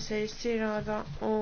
se jissir għada u